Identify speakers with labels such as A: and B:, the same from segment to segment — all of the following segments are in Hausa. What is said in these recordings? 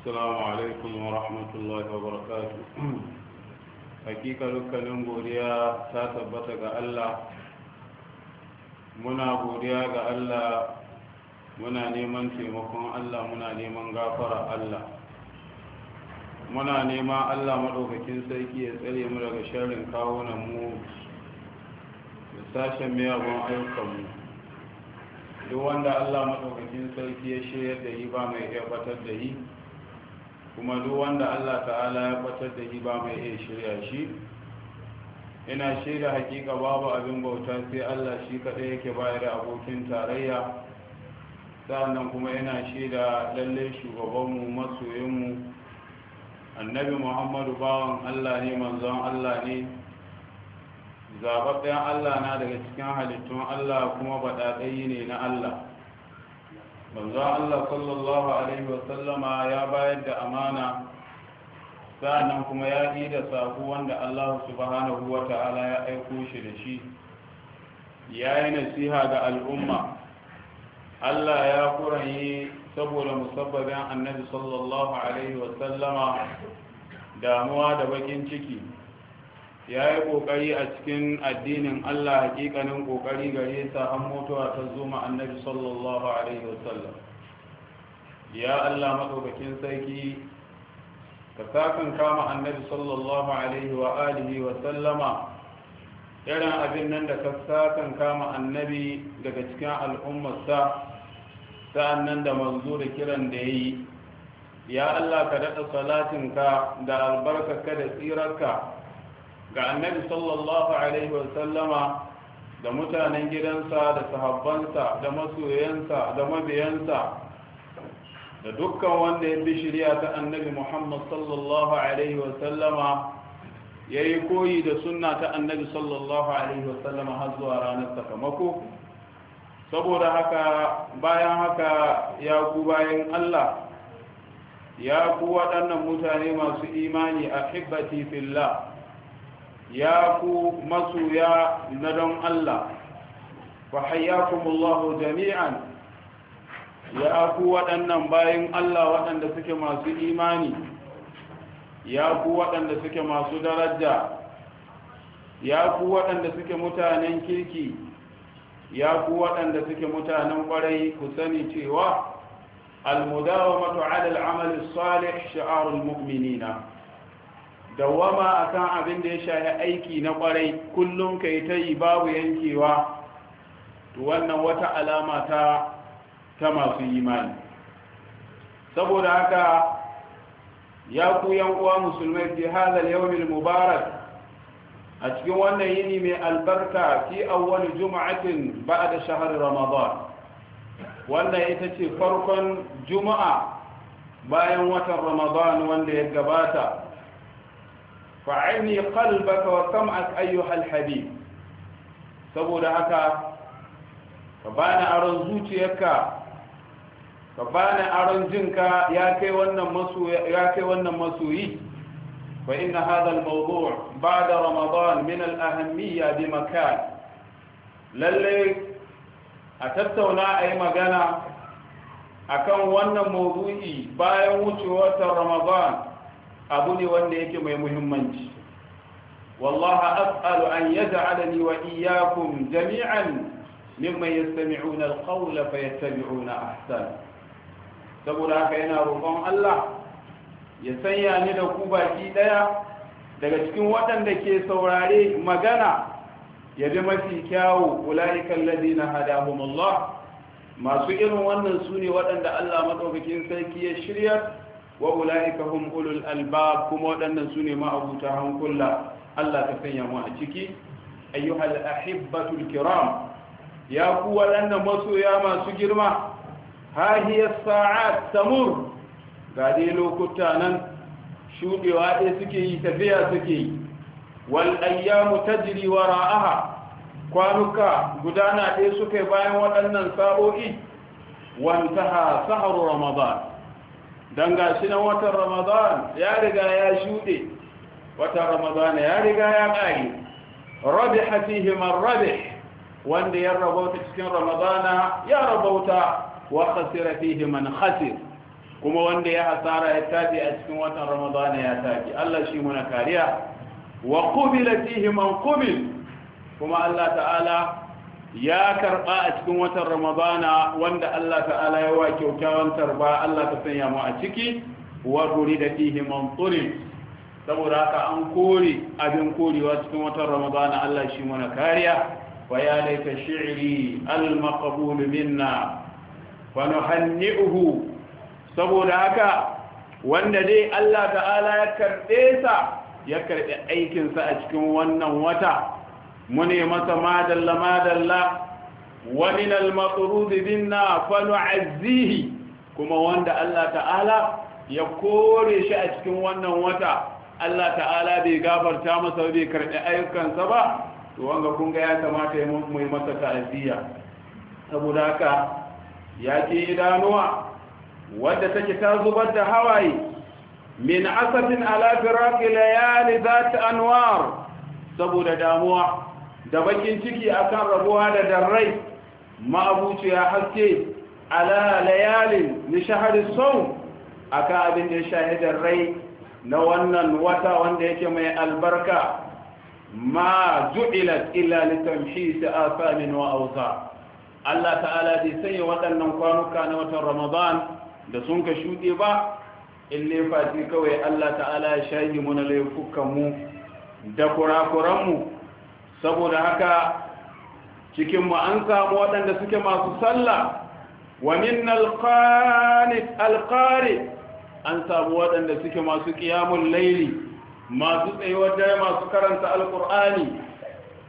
A: السلام عليكم ورحمة الله وبركاته حقيقة لكلم بوريا تاتبتك الله منا بوريا الله منا نيمان تيمكم الله منا نيمان غافر الله muna nema allah maɗaukakin sarki ya tsare mu daga sharin kawunan mu da sashen miyagun ayyukanmu duk wanda allah maɗaukakin sarki ya shirya da yi ba mai iya batar da yi kuma duk wanda Allah ta'ala ya batar da shi ba mai iya shirya shi ina shaida hakika babu abin bauta sai Allah shi kaɗai yake bayar abokin tarayya sa'annan kuma ina shaida lalle shugabanmu masoyinmu annabi muhammadu bawan Allah ne manzon Allah ne zaɓaɓɓen Allah na daga cikin halittun Allah kuma baɗaɗayi ne na Allah manzo Allah sallallahu alaihi ya bayar da amana sa'annan kuma ya yi da saku, wanda Allah subhanahu wa ta'ala ya aiko shi da shi ya yi nasiha ga al'umma Allah ya kuranye saboda musabbabin annabi sallallahu alaihi damuwa da bakin ciki ya yi ƙoƙari a cikin addinin Allah hakikanin ƙoƙari gare ta an mutuwa ta zuma annabi sallallahu alaihi wasallam ya Allah maɗaukakin sarki ka sakan kama annabi sallallahu alaihi wa alihi sallama irin abin nan da ka sakan kama annabi daga cikin al'ummarsa sa'an nan da manzo da kiran da ya yi ya Allah ka daɗa salatinka da albarkarka da tsirarka ga annabi sallallahu alaihi wasallama da mutanen gidansa da sahabbansa da masoyansa da mabiyansa da dukkan wanda ya bi shirya ta annabi muhammad sallallahu alaihi wasallama ya yi koyi da sunna ta annabi sallallahu alaihi wasallama har zuwa ranar sakamako saboda haka bayan haka ya ku bayan allah ya ku waɗannan mutane masu imani a hibbati fillah ya ku masoya na don Allah fa hayyakumullahu jami'an ya ku waɗannan bayan Allah waɗanda suke masu imani ya ku waɗanda suke masu daraja ya ku waɗanda suke mutanen kirki ya ku waɗanda suke mutanen ƙwarai ku sani cewa almudawamatu ala al'amali salih sha'arul mu'minina a akan abin da ya shahi aiki na kwarai kullum kai ta yi babu yankewa to wannan wata alama ta ta masu imani saboda haka ya ku yan uwa musulmai fi hadal yawmil mubarak a cikin wannan yini mai albarka fi awwal juma'atin ba'da shahr ramadan wannan ita ce farkon juma'a bayan watan ramadan wanda ya gabata fa'ini qalbaka wa sam'ak ayyuhal habib saboda haka ka bani aron zuciyarka ka bani aron jinka ya kai wannan masoyi ya kai wannan masoyi fa inna hadha al-mawdu' ba'da ramadan min al bi makan lalle a tattauna ayi magana akan wannan mawdu'i bayan wucewar ramadan abu ne wanda yake mai muhimmanci wallaha as'alu an yaj'alani wa iyyakum jami'an mimman yastami'una al-qawla fayattabi'una ahsan saboda haka yana roƙon Allah ya sanya ni da ku baki daya daga cikin waɗanda ke saurare magana ya bi mafi kyawu ula'ikan ladina hadahumullah masu irin wannan su ne waɗanda Allah madaukakin sarki ya shiryar wa ula'ika hum ulul albab kuma waɗannan su ne ma'abuta hankula Allah ta sanya mu a ciki ayyuhal ahibbatul kiram ya ku waɗannan masoya masu girma ha hiya sa'at tamur ga dai lokuta nan shudewa ɗaya suke yi tafiya suke yi wal ayyamu tajri wara'aha kwanuka gudana ɗaya suke bayan waɗannan sa'o'i wantaha sahar ramadan don gashi nan watan ramadan ya riga ya shuɗe watan ramadan ya riga ya ƙari rabi hafihimar rabi wanda ya rabauta cikin ramadana ya rabauta wa khasira fihi khasir kuma wanda ya hasara ya tafi a cikin watan ramadana ya tafi Allah shi muna kariya wa qubila fihi qubil kuma Allah ta'ala ya karba a cikin watan ramadana wanda Allah ta'ala ya wa kyautawan tarba Allah ta sanya mu a ciki wa guri da fihi mamturin saboda haka an kore abin korewa cikin watan ramadana Allah shi mana kariya wa ya laita shi'ri al-maqbul minna wa nuhanni'uhu saboda haka wanda dai Allah ta'ala ya karbe sa ya karbe aikinsa a cikin wannan wata muni masa madalla madalla wa min al-maqrud binna fa nu'azzihi kuma wanda Allah ta'ala ya kore shi a cikin wannan wata Allah ta'ala bai gafarta masa bai karɓi ayyukansa ba to wanga kun ga ya kamata ya mai masa ta'aziyya saboda haka ya ki idanuwa wadda take ta zubar da hawaye min asatin ala firaqi layali zat anwar saboda damuwa da bakin ciki akan rabuwa da darrai ma'abuci ya haske ala layalin ni shahari sau ka abin da ya shahidar rai na wannan wata wanda yake mai albarka ma ju'ilat illa a asamin wa awsa Allah ta'ala bai sanya waɗannan kwanuka na watan Ramadan da sun ka shuɗe ba in laifaci kawai Allah ta'ala ya shayi mu na laifukanmu, da kurakuranmu. saboda haka cikin mu an samu waɗanda suke masu sallah wa minnal qanit an samu waɗanda suke masu ƙiyamun laili masu tsayuwar dare masu karanta alqur'ani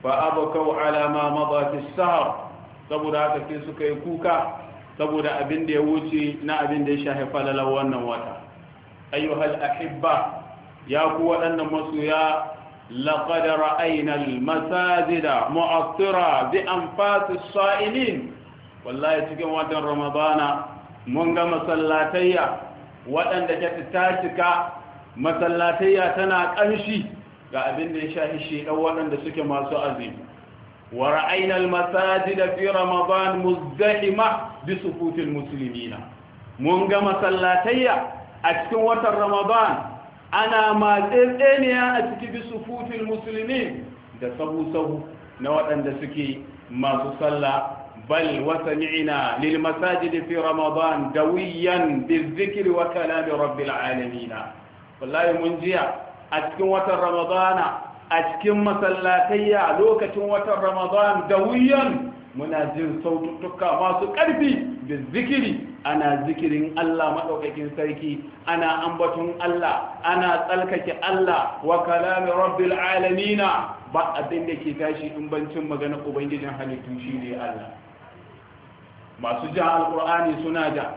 A: fa abakau ala ma madha fi sahar saboda haka sai suka yi kuka saboda abin da ya wuce na abin da ya shafi falalar wannan wata ayyuhal ahibba ya ku waɗannan masoya لقد رأينا المساجد مؤثرة بأنفاس الصائمين والله cikin watan ramadana mun ga masallatayya waɗanda ta tatika masallatayya tana ƙanshi ga abin da ya shahi shi dan waɗanda suke masu azumi wa ra'ayna al-masajida fi ramadan muzdahima bi sufutil muslimina mun ga masallatayya a cikin watan ramadan ana matsetseniya a ciki bi sufufin musulmi da sabu-sabu na waɗanda suke masu sallah bal wasami'ina lil masajidi fi ramadan dawiyan bizikir wa kalami rabbil alamina wallahi mun jiya a cikin watan ramadana a cikin masallatayya lokacin watan ramadan wiyan muna jin saututtuka masu ƙarfi bizikiri ana zikirin Allah maɗaukakin sarki ana ambaton Allah ana tsalkake Allah wa kalami rabbil alamina ba abin da ke tashi in bancin magana ubangijin halittu shi ne Allah masu ja alƙur'ani suna ja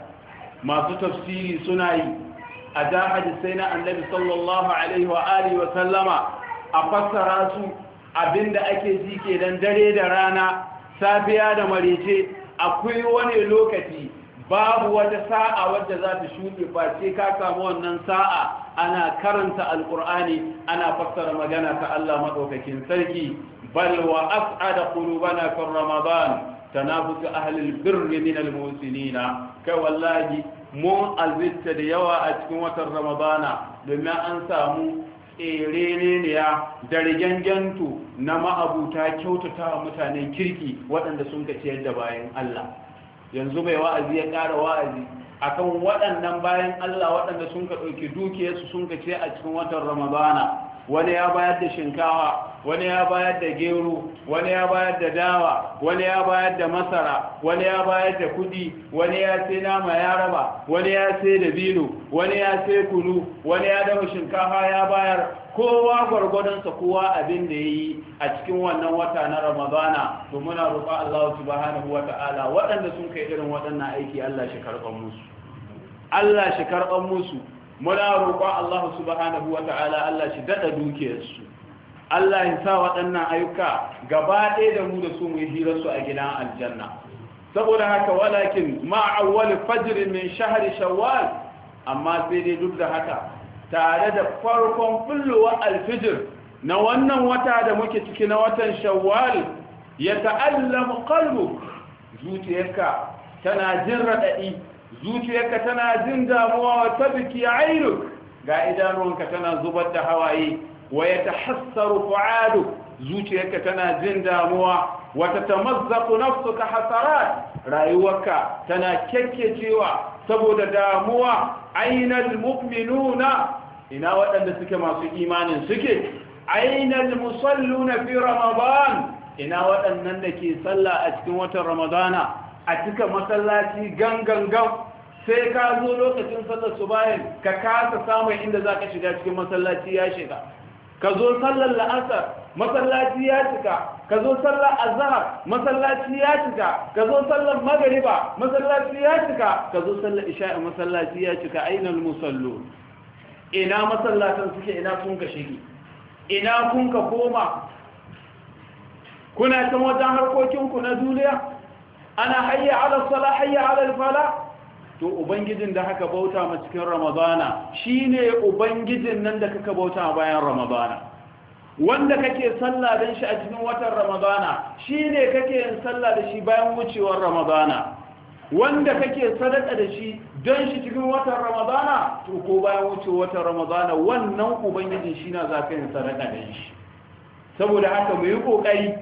A: masu tafsiri suna yi a ja sai na annabi sallallahu alaihi wa alihi wa sallama a fassara su abinda ake ji dan dare da rana safiya da marece akwai wani lokaci babu wata sa'a wadda za ta shuɗe ba ce ka samu wannan sa'a ana karanta alƙur'ani ana fassara magana ta Allah maɗaukakin sarki bal wa as'ada qulubana fi ramadan tanafusu ahlul birri min almusinina kai wallahi mun alzitta da yawa a cikin watan ramadana domin an samu tsereniya da rigangentu na ma'abuta kyautata wa mutanen kirki waɗanda sun ka ciyar da bayan Allah yanzu mai wa'azi ya ƙara wa'azi a kan waɗannan bayan Allah waɗanda sun ka ɗauki dukiyarsu sun ka ce a cikin watan Ramadana wani ya bayar da shinkawa wani ya bayar da gero wani ya bayar da dawa wani ya bayar da masara wani ya bayar da kuɗi wani ya sai nama ya raba wani ya sai da bino wani ya sai kunu wani ya dafa shinkafa ya bayar kowa gwargwadonsa kowa abin da ya yi a cikin wannan wata na ramadana to muna roƙa Allah su subhanahu wa ta'ala waɗanda sun kai irin waɗannan aiki Allah shi karɓar musu Allah shi karɓar musu muna roƙa Allah su subhanahu wa ta'ala Allah shi daɗa dukiyarsu Allah ya sa waɗannan ayyuka gaba ɗaya da mu da su mu yi hirarsu a gidan aljanna saboda haka walakin ma'awwal fajr min shahri shawwal amma sai dai duk da haka tare da farkon fulluwa alfijir na wannan wata da muke ciki na watan shawwal ya ta'allamu qalbu zuciyarka tana jin radadi zuciyarka tana jin damuwa wa tabki ainuk ga idanunka tana zubar da hawaye wa yatahassaru fu'adu zuciyarka tana jin damuwa wa tatamazzaku nafsuka hasarat rayuwarka tana kekkecewa saboda damuwa ainal mu'minuna ina waɗanda suke masu imanin suke ainal musalluna fi ramadan ina waɗannan da ke sallah a cikin watan ramadana a cika masallaci gangangan sai ka zo lokacin sallar su bayan ka kasa samun inda za ka shiga cikin masallaci ya shiga ka zo sallar la'asar masallaci ya cika ka zo sallar azahar masallaci ya cika ka zo sallar magariba masallaci ya cika ka zo sallar isha'i masallaci ya cika ainihin musallu ina masallatan suke ina kun ka ina kun ka koma kuna can wajen harkokinku na duniya ana hayya ala sala hayya ala fala to ubangijin da haka bauta ma cikin ramadana shine ubangijin nan da kaka bauta bayan ramadana wanda kake sallah dan shi a cikin watan ramadana shine kake yin sallah da shi bayan wucewar ramadana wanda kake sadaka da shi don shi cikin watan ramadana to ko bayan wuce watan ramadana wannan ubangiji shi na za ka sadaka da shi saboda haka mu yi kokari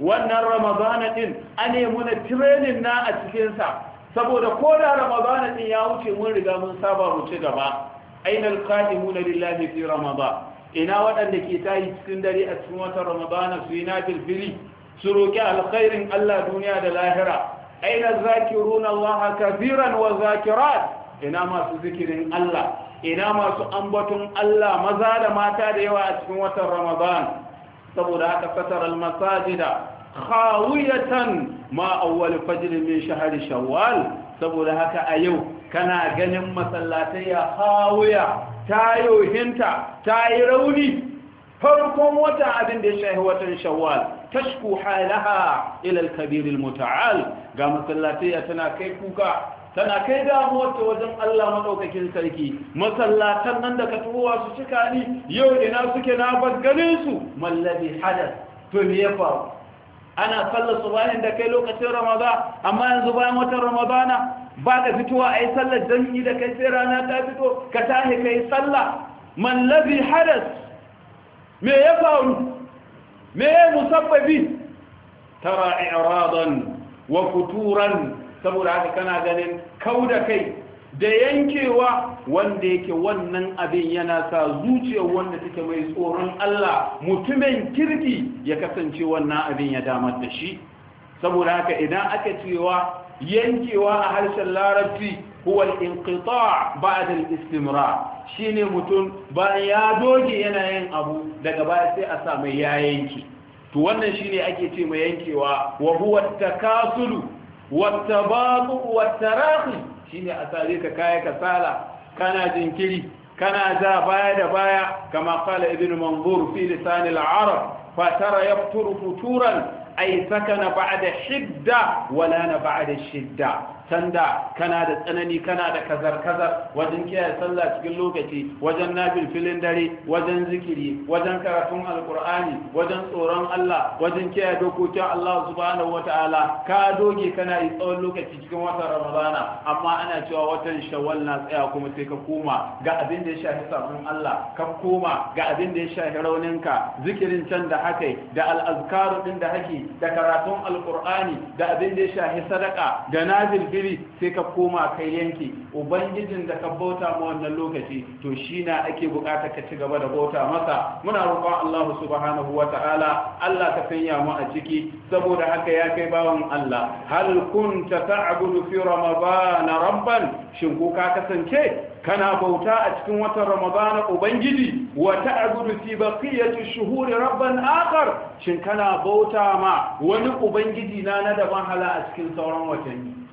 A: wannan ramadana din a nemi na tirenin na a cikinsa saboda ko da ramadana din ya wuce mun riga mun saba mu ci gaba ainal qadimuna lillahi fi ramadan ina waɗanda ke tayi cikin dare a cikin watan ramadana su yi na bilbili su roƙi alkhairin Allah duniya da lahira aina zakiruna Allah kafiran wa zakirat ina masu zikirin Allah ina masu ambaton Allah maza da mata da yawa a cikin watan Ramadan saboda haka fatar almasajida khawiyatan ma awwal fajr min shahr shawwal saboda haka a yau kana ganin masallatai ya khawuya tayohinta tayi rauni farkon wata abin da ya shahi watan shawwal tashku halaha ila kabir al ga masallatai tana kai kuka tana kai damuwar ta wajen Allah madaukakin sarki masallatan nan da ka tuwa su cika ni yau ina suke na bangare su mallabi hadath to me ya ana sallar subahin da kai lokacin ramadan amma yanzu bayan watan ramadana ba ka fitowa a yi sallar jami'i da kai sai rana ta fito ka tahi ka yi sallah mallabi hadas me ya faru me musabbabi tara i'radan wa futuran saboda haka kana ganin kauda kai da yankewa wanda yake wannan abin yana sa zuciyar wanda take mai tsoron Allah mutumin kirki ya kasance wannan abin ya damar da shi saboda haka idan aka cewa yankewa a harshen larabci huwa al-inqita' ba'da al-istimrar shine mutum bayan ya doge yana yin abu daga baya sai a samu ya yanki to wannan shine ake ce mai yankewa wa huwa at-takasulu wat-tabatu shine a ka kaya kasala kana jinkiri kana za baya da baya kama qala ibn manzur fi lisan al-arab fa tara yaqturu futuran ay sakana ba'da shidda wala na ba'da shidda sanda kana da tsanani kana da kazar-kazar wajen kiyaye sallah cikin lokaci wajen nafil filin dare wajen zikiri wajen karatun alkur'ani wajen tsoron Allah wajen kiyaye dokokin Allah subhanahu wata'ala ka doge kana yi tsawon lokaci cikin watan Ramadana amma ana cewa watan Shawwal na tsaya kuma sai ka koma ga abin da ya shafi sabon Allah ka koma ga abin da ya shafi rauninka zikirin can da haka da al'azkaru din da haki da karatun alkur'ani da abin da ya shafi sadaka da nafil jinkiri sai ka koma kai yanki ubangijin da ka bauta ma wannan lokaci to shi na ake bukata ka ci gaba da bauta masa muna roƙon Allah subhanahu wa ta'ala Allah ka sanya mu a ciki saboda haka ya kai bawan Allah hal kunta ta'budu fi ramadan rabban shin ko ka kasance kana bauta a cikin watan ramadana ubangiji wa ta'budu fi baqiyati shuhuri rabban akhar shin kana bauta ma wani ubangiji na na daban hala a cikin sauran watanni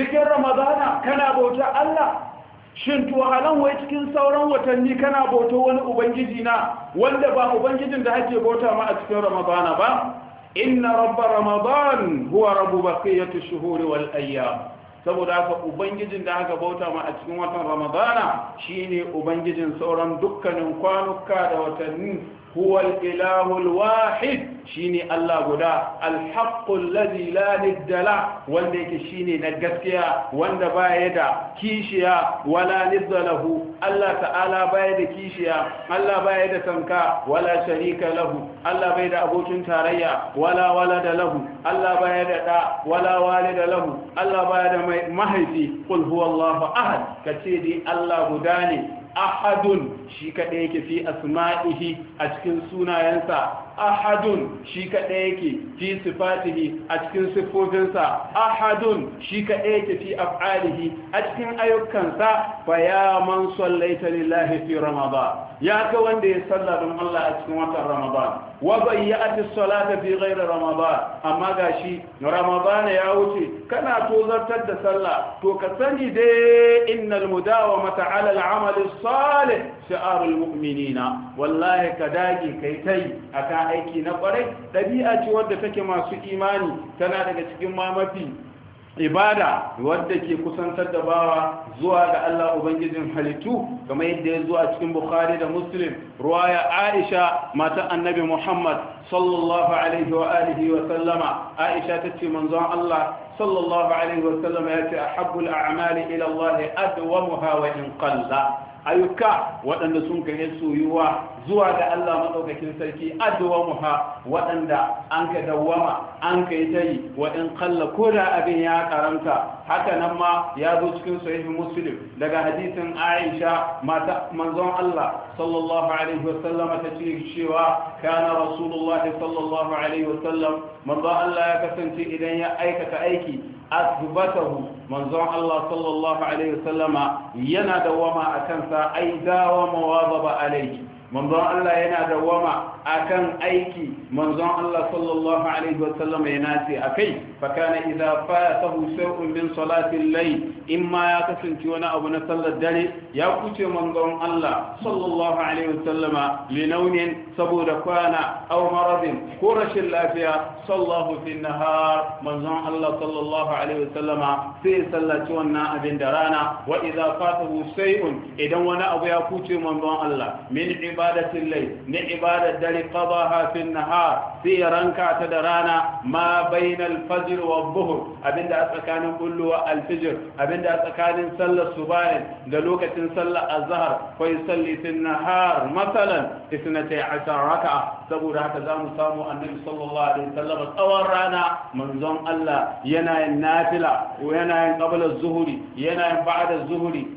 A: cikin ramadana kana bauta Allah shin wahalan wai cikin sauran watanni kana bauta wani ubangiji na wanda ba ubangijin da ake bauta ma a cikin ramadana ba inna rabba ramadan huwa rabbu baqiyati shuhuri wal ayyam saboda haka ubangijin da aka bauta ma a cikin watan ramadana shine ubangijin sauran dukkanin kwanuka da watanni huwal ilahul wahid shine Allah guda alhaqqul ladhi la niddala wanda yake shine na gaskiya wanda baya da kishiya wala niddalahu Allah ta'ala baya da kishiya Allah baya da tanka wala sharika lahu Allah baya da abokin tarayya wala wala da lahu Allah baya da da wala walida lahu Allah baya da mahaifi qul huwallahu ahad kace dai Allah guda ne ahadun shi kadai yake fi asma'ihi a cikin sunayensa ahadun shi kaɗai yake fi sifatihi a cikin siffofinsa ahadun shi kaɗai yake fi af'alihi a cikin ayyukansa fa ya man sallaita lillahi fi ramadan ya ka wanda ya salla don Allah a cikin watan ramadan wa ati salata fi ghairi ramadan amma gashi ramadan ya wuce kana tozartar da sallah to ka sani dai innal mudawamata ala al'amali salih shi'arul mu'minina wallahi ka dage kai tai akan aiki na kwarai ɗabi'a ce wadda take masu imani tana daga cikin mamafi ibada wadda ke kusantar da bawa zuwa ga Allah Ubangijin halittu kamar yadda ya zuwa cikin Bukhari da Muslim ruwaya Aisha mata annabi Muhammad sallallahu alaihi wa alihi wa sallama Aisha tace manzon Allah sallallahu alaihi wa sallama yace ahabbul a'mali ila Allah adwamuha wa in qalla ayyuka waɗanda sun kai soyuwa zuwa ga Allah maɗaukakin sarki addu'a waɗanda an ka dawwama an ka yi tayi wa in qalla ko da abin ya karanta haka nan ma ya zo cikin sahih muslim daga hadisin Aisha mata manzon Allah sallallahu alaihi wa sallam ta ce cewa kana rasulullahi sallallahu alaihi wa sallam manzon Allah ya kasance idan ya aikata aiki asbatahu manzon Allah sallallahu alaihi wa wasallama yana dawama akan sa ai dawama wa zaba alaihi manzon Allah yana da wama a kan aiki manzon Allah sallallahu alaihi wasallam yana ce akai fa kana idza fatahu shay'un min salati al-layl imma ya kasance wani abu na sallar dare ya kuce manzon Allah sallallahu alaihi wasallam linaunin saboda kwana aw maradin ko rashin lafiya sallahu fi nahar manzon Allah sallallahu alaihi wasallam sai ya sallaci wannan abin da rana wa idza fatahu shay'un idan wani abu ya kuce manzon Allah min ibadati lai ni ibadar dare qadaha fi nahar fi ranka ta da rana ma bainar fajr wa dhuhr abinda a tsakanin bullu wa al fajr abinda tsakanin sallar subah da lokacin sallar azhar ko salli fi nahar masalan 12 rak'a saboda haka zamu samu annabi sallallahu alaihi wasallam tsawon rana manzon Allah yana yin nafila yana yin qabla az-zuhri yana yin ba'da az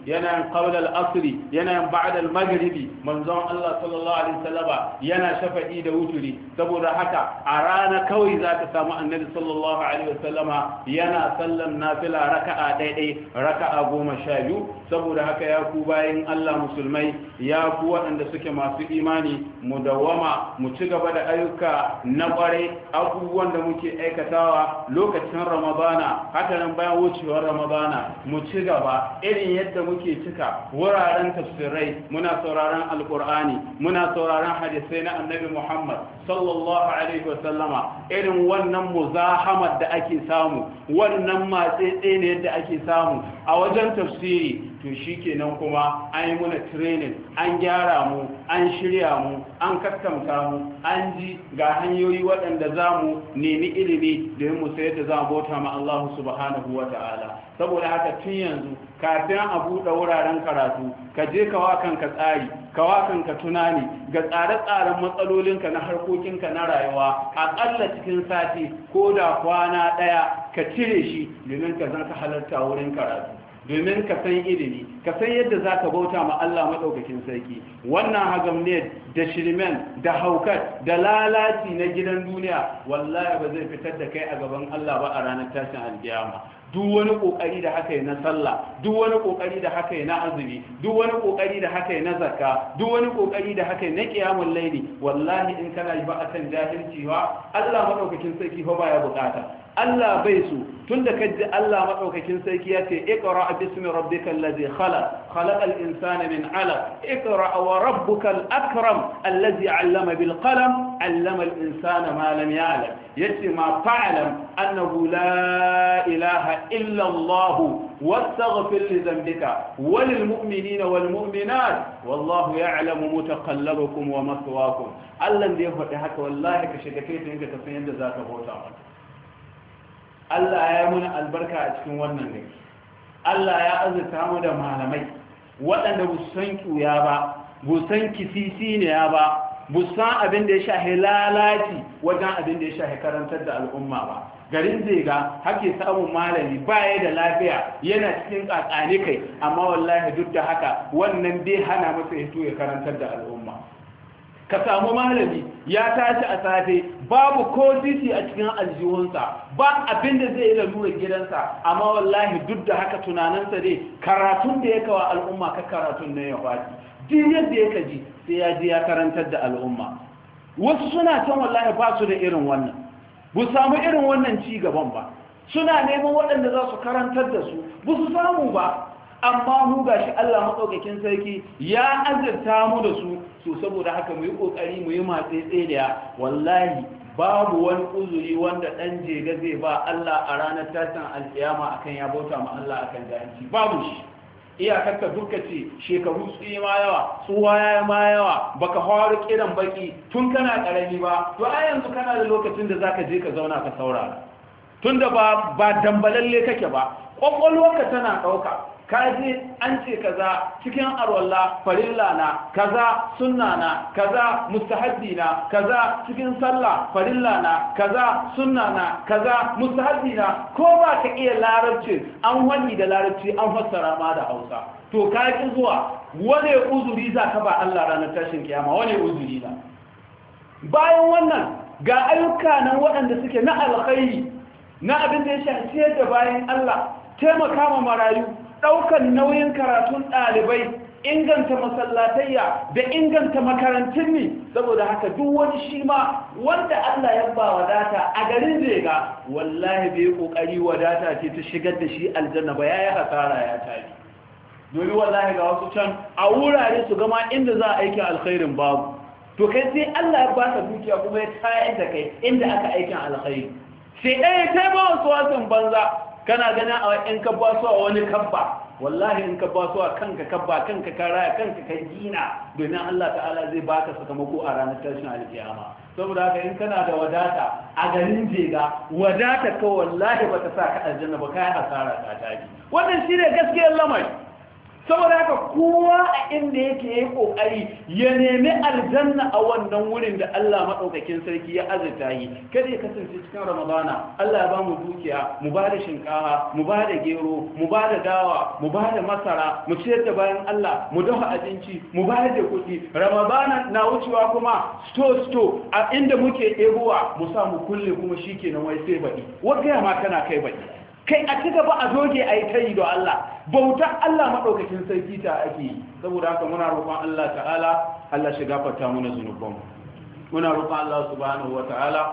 A: yana yin qabla al yana yin ba'da al-maghribi manzon Allah sallallahu alaihi wasallama yana shafa'i da wuturi saboda haka a rana kawai za ta samu annabi sallallahu alaihi wasallama yana sallan nafila raka'a daidai raka'a goma sha biyu saboda haka ya ku bayan Allah musulmai ya ku waɗanda suke masu imani mu dawama mu ci gaba da ayyuka na ƙwarai abubuwan da muke aikatawa lokacin ramadana haka nan bayan wucewar ramadana mu ci gaba irin yadda muke cika wuraren tafsirai muna sauraron alkur'ani muna sauraron hadisai na annabi Muhammad sallallahu alaihi wasallama irin wannan muzahamar da ake samu wannan matsetse ne da ake samu a wajen tafsiri to shi shikenan kuma an yi muna training an gyara mu an shirya mu an kaskanta mu an ji ga hanyoyi waɗanda za mu nemi ilimi domin mu sayar da za mu bauta ma Allah subhanahu wa ta'ala saboda haka tun yanzu kafin a buɗe wuraren karatu ka je ka wakan ka tsari wakan ka tunani ga tsare-tsaren matsalolinka na harkokinka na rayuwa aƙalla cikin sati ko da kwana ɗaya ka cire shi domin ka zan ka halarta wurin karatu domin ka san ilimi ka san yadda za ka bauta ma Allah maɗaukakin sarki wannan ne da shirmen da haukar, da lalaci na gidan duniya wallahi ba zai fitar da kai a gaban Allah ba a ranar tashin aljiyama. duk wani kokari da haka na sallah duk wani kokari da haka na azumi duk wani kokari da haka na zakka duk wani kokari da haka na qiyamul layli wallahi in kana yi ba akan jahilci ba Allah maɗaukakin sarki ba ya buƙata. Allah bai su tun da kaji Allah maɗaukakin sarki ya ce ikra a bismi rabbika allazi khala khalaqa insana min ala ikra wa rabbuka al-akram allazi 'allama bil qalam 'allama al-insana ma lam ya'lam yace ma fa'lam annahu la ilaha illa Allah wastaghfir li dhanbika wa lil mu'minina wal mu'minat wallahu ya'lamu mutaqallabakum wa maswaakum Allah da ya faɗi haka wallahi ka shiga kai ka san yadda zaka bauta Allah ya muna albarka a cikin wannan ne Allah ya azurta mu da malamai waɗanda bu san ƙuya ba bu san kisisi ne ya ba bu san abin da ya shahe lalaci wajen abin da ya shahe karantar da al'umma ba garin ga hake samun malami baya da lafiya yana cikin kakane kai amma wallahi duk da haka wannan dai hana masa ya karantar da al'umma ka samu malami ya tashi a safe babu ko titi a cikin aljihunsa ba abin da zai yi da nuna gidansa amma wallahi duk da haka tunaninsa dai karatun da ya kawa al'umma ka karatun ne ya faɗi din yadda ya kaji sai ya je ya karantar da al'umma wasu suna can wallahi ba su da irin wannan bu samu irin wannan ci gaban ba suna neman waɗanda za su karantar da su bu su samu ba amma mu shi Allah matsaukakin sarki ya azurta mu da su so saboda haka mu yi ƙoƙari mu yi matse tsediya wallahi babu wani uzuri wanda ɗan jega zai ba Allah a ranar tashin alƙiyama akan ya bauta ma Allah akan jahanci babu shi iyakarka duka ce shekaru su yi ma yawa tsuwa ya ma yawa baka hawar kiran baki tun kana karami ba to a yanzu kana da lokacin da zaka je ka zauna ka saurara Tunda ba, ba dambalalle kake ba Ƙwaƙwalwarka tana ɗauka kaji an ce kaza cikin arwalla farilla na kaza sunna na kaza mustahabbi na kaza cikin sallah farilla na kaza sunna na kaza mustahabbi na ko ba ka iya larabci an wani da larabci an fassara ma da Hausa to ka zuwa wane uzuri za ka ba Allah ranar tashin kiyama wane uzuri na bayan wannan ga ayyuka nan waɗanda suke na alkhairi na abin da ya shafi da bayan Allah taimaka ma marayu ɗaukan nauyin karatun ɗalibai inganta masallatayya da inganta makarantun ne saboda haka duk wani shi ma wanda Allah ya ba wadata a garin zai ga wallahi bai kokari wadata ce ta shigar da shi aljanna ba yayi hasara ya tafi domin wallahi ga wasu can a wurare su gama inda za a aiki alkhairin babu to kai sai Allah ya baka dukiya kuma ya tayar da kai inda aka aikin alkhairi sai ɗaya ta ba wasu wasan banza kana ganin a in ka ba su a wani kabba wallahi in ka ba su a kanka kabba kanka ka raya kanka ka gina domin Allah ta'ala zai baka sakamako a ranar tashin alkiyama saboda haka in kana da wadata a garin jega wadata ka wallahi bata sa ka aljanna ba kai asara ta tafi wannan shine gaskiyar lamari saboda haka kowa a inda yake yi kokari ya nemi aljanna a wannan wurin da Allah maɗaukakin sarki ya azurta yi kada ya kasance cikin ramadana Allah ya ba mu dukiya mu ba da shinkafa mu ba da gero mu ba da dawa mu ba da masara mu ciyar da bayan Allah mu dafa abinci mu ba da kuɗi ramadana na wucewa kuma sto sto a inda muke ɗebowa mu sa mu kulle kuma shikenan wai sai baɗi gaya ma kana kai baɗi kai a ci gaba a zoge a yi tayi da Allah bauta Allah maɗaukacin sarki ta ake yi saboda haka muna roƙon Allah ta'ala Allah shi gafarta muna zunubanmu muna roƙon Allah subhanahu wa ta'ala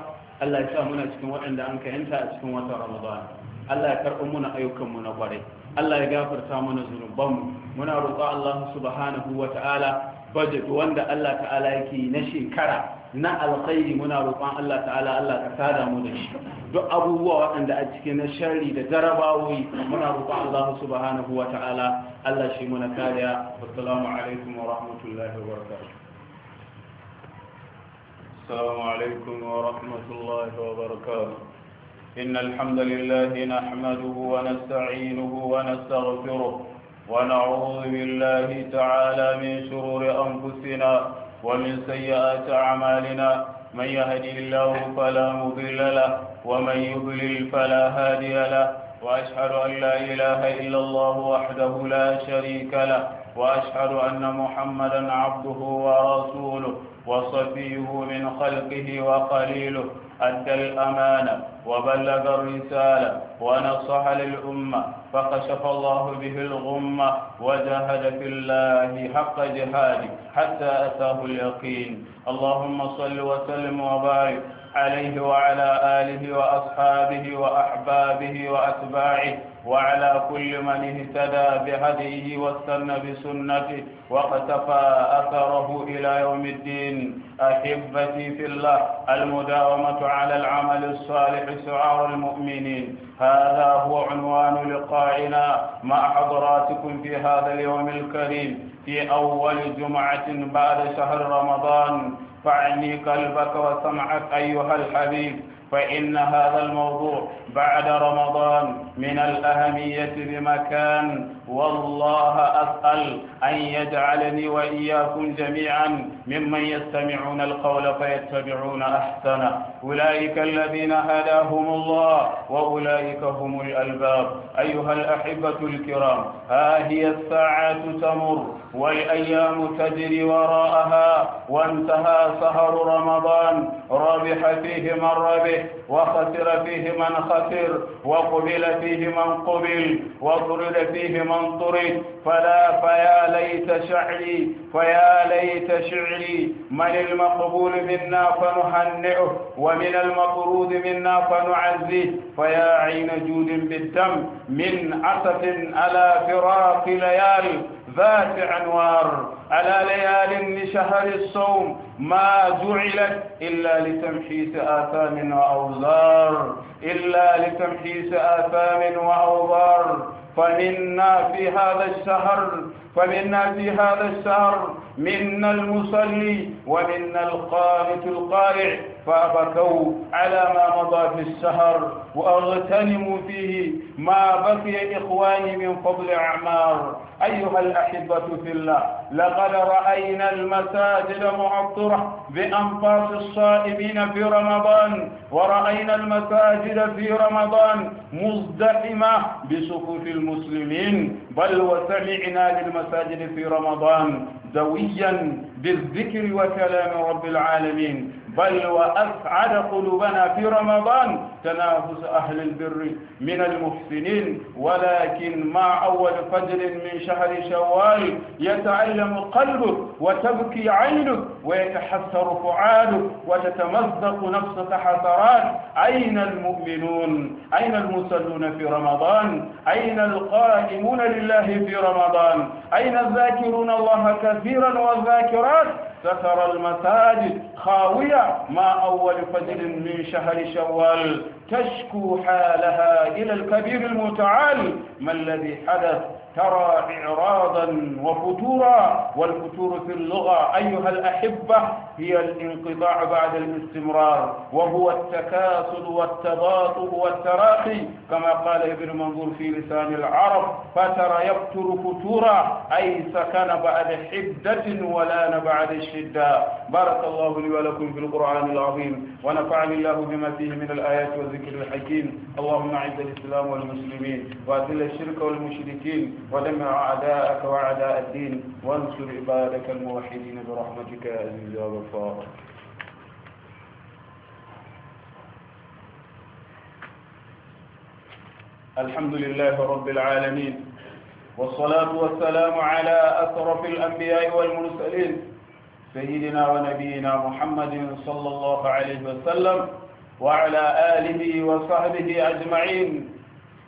A: Allah ya sa muna cikin waɗanda an kayanta a cikin watan Ramadan Allah ya karɓi muna ayyukanmu na ƙwarai Allah ya gafarta muna zunubanmu muna roƙon Allah subhanahu wa ta'ala budget wanda Allah ta'ala yake na shekara na alkhairi muna roƙon Allah ta'ala Allah ka sada mu da shi duk abubuwa waɗanda a cikin na sharri da jarabawoyi muna roƙon Allah subhanahu wa ta'ala Allah shi muna kariya assalamu alaikum wa rahmatullahi wa barakatuh السلام عليكم ورحمة الله وبركاته إن wa لله نحمده ونستعينه ونستغفره ونعوذ بالله تعالى min شرور أنفسنا ومن سيئات أعمالنا من يهدي الله فلا مضل له ومن يضلل فلا هادي له وأشهد أن لا إله إلا الله وحده لا شريك له وأشهد أن محمدا عبده ورسوله وصفيه من خلقه وقليله أدى الأمانة وبلغ الرسالة ونصح للأمة فكشف الله به الغمة وجاهد في الله حق جهاده حتى أتاه اليقين اللهم صل وسلم وبارك عليه وعلى آله وأصحابه وأحبابه وأتباعه وعلى كل من اهتدى بهديه واستنى بسنته واقتفى أثره إلى يوم الدين أحبتي في الله المداومة على العمل الصالح سعار المؤمنين هذا هو عنوان لقائنا مع حضراتكم في هذا اليوم الكريم في أول جمعة بعد شهر رمضان فعني قلبك وسمعك أيها الحبيب فإن هذا الموضوع بعد رمضان من الأهمية بمكان والله أسأل أن يجعلني وإياكم جميعا ممن يستمعون القول فيتبعون أحسنه أولئك الذين هداهم الله وأولئك هم الألباب أيها الأحبة الكرام ها هي الساعة تمر والأيام تجري وراءها وانتهى سهر رمضان ربح فيه من ربح وخسر فيه من خسر وقبل فيه من قبل وطرد فيه من طرد فلا فيا ليت شعري فيا ليت شعري من المقبول منا فنهنئه ومن المطرود منا فنعزيه فيا عين جود بالدم من أسف على فراق ليالي ذات عنوار على ليال لشهر الصوم ما جعلت إلا لتمحيص آثام وأوزار إلا لتمحيص آثام وأوزار فمنا في هذا الشهر فمنا في هذا الشهر منا المصلي ومنا القانت القارع فأبكوا على ما مضى في الشهر وأغتنم فيه ما بقي إخواني من فضل أعمار أيها الأحبة في الله لقد رأينا المساجد معطرة بأنفاس الصائمين في رمضان ورأينا المساجد في رمضان مزدحمة بصفوف المسلمين بل وسمعنا للمساجد في رمضان دويا بالذكر وكلام رب العالمين بل وأسعد قلوبنا في رمضان تنافس خمس أهل البر من المحسنين ولكن مع أول فجر من شهر شوال يتعلم قلبك وتبكي عينك ويتحسر فعالك وتتمزق نفسك حسرات أين المؤمنون أين المصلون في رمضان أين القائمون لله في رمضان أين الذاكرون الله كثيرا والذاكرات سترى المساجد خاوية ما أول فجر من شهر شوال تشكو حالها إلى الكبير المتعال ما الذي حدث ترى إعراضا وفتورا والفتور في اللغة أيها الأحبة هي الانقطاع بعد الاستمرار وهو التكاسل والتباطؤ والتراخي كما قال ابن منظور في لسان العرب فترى يفتر فتورا أي سكن بعد حدة ولان بعد الشدة بارك الله لي ولكم في القرآن العظيم ونفعني الله بما فيه من الآيات والذكر الحكيم اللهم أعز الإسلام والمسلمين وأذل الشرك والمشركين ودمر أعداءك وأعداء الدين وانصر عبادك الموحدين برحمتك يا عزيز يا غفار الحمد لله رب العالمين والصلاة والسلام على أشرف الأنبياء والمرسلين سيدنا ونبينا محمد صلى الله عليه وسلم وعلى آله وصحبه أجمعين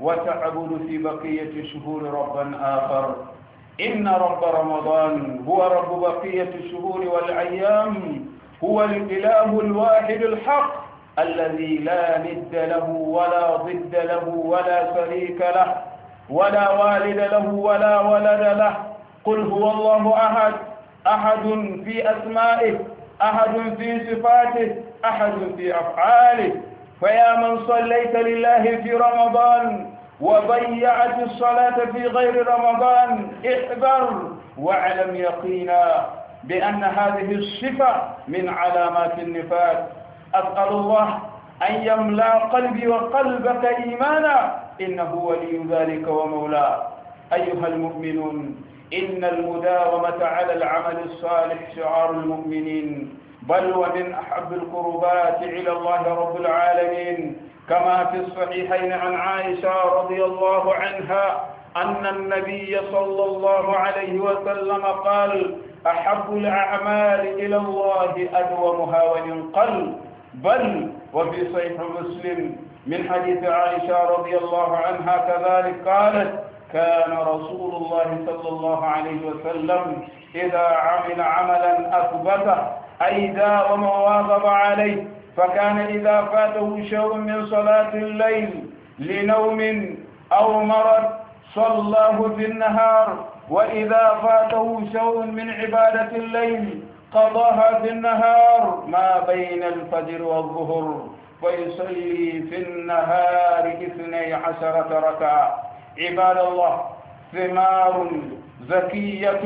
A: وتعبد في بقية الشهور ربا آخر إن رب رمضان هو رب بقية الشهور والأيام هو الإله الواحد الحق الذي لا ند له ولا ضد له ولا شريك له ولا والد له ولا ولد له قل هو الله أحد أحد في أسمائه أحد في صفاته أحد في أفعاله فيا من صليت لله في رمضان وضيعت الصلاة في غير رمضان احذر واعلم يقينا بأن هذه الصفة من علامات النفاق أسأل الله أن يملا قلبي وقلبك إيمانا إنه ولي ذلك ومولاه أيها المؤمنون إن المداومة على العمل الصالح شعار المؤمنين بل ومن أحب القربات إلى الله رب العالمين كما في الصحيحين عن عائشة رضي الله عنها أن النبي صلى الله عليه وسلم قال أحب الأعمال إلى الله أدومها وينقل بل وفي صحيح مسلم من حديث عائشة رضي الله عنها كذلك قالت كان رسول الله صلى الله عليه وسلم إذا عمل عملا أثبته أي داوم وواظب عليه فكان إذا فاته شيء من صلاة الليل لنوم أو مرض صلاه في النهار وإذا فاته شيء من عبادة الليل قضاها في النهار ما بين الفجر والظهر فيصلي في النهار اثني عشرة ركعة عباد الله ثمار زكية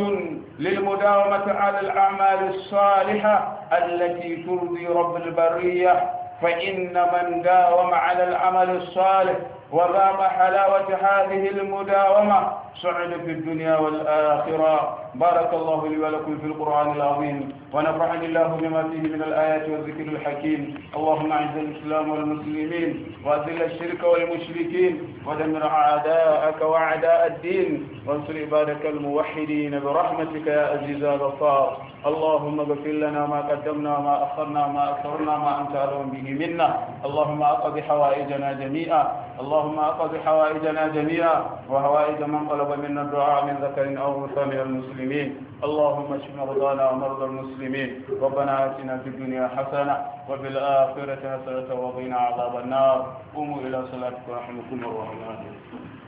A: للمداومة على الأعمال الصالحة التي ترضي رب البرية فإن من داوم على العمل الصالح وذاق حلاوة هذه المداومة سعد في الدنيا والآخرة بارك الله لي ولكم في القرآن العظيم ونفعني الله بما فيه من الآيات والذكر الحكيم اللهم أعز الإسلام والمسلمين وأذل الشرك والمشركين ودمر أعداءك وأعداء الدين وانصر عبادك الموحدين برحمتك يا عزيز الغفار اللهم اغفر لنا ما قدمنا ما أخرنا ما أكثرنا ما أنت أعلم به منا اللهم أقض حوائجنا جميعا اللهم أقض حوائجنا جميعا وحوائج من طلب منا الدعاء من ذكر أو أنثى من المسلمين المسلمين اللهم اشف مرضانا ومرضى المسلمين ربنا آتنا في الدنيا حسنة وفي الآخرة حسنة وقنا عذاب النار قوموا إلى صلاتكم ورحمكم الله وبركاته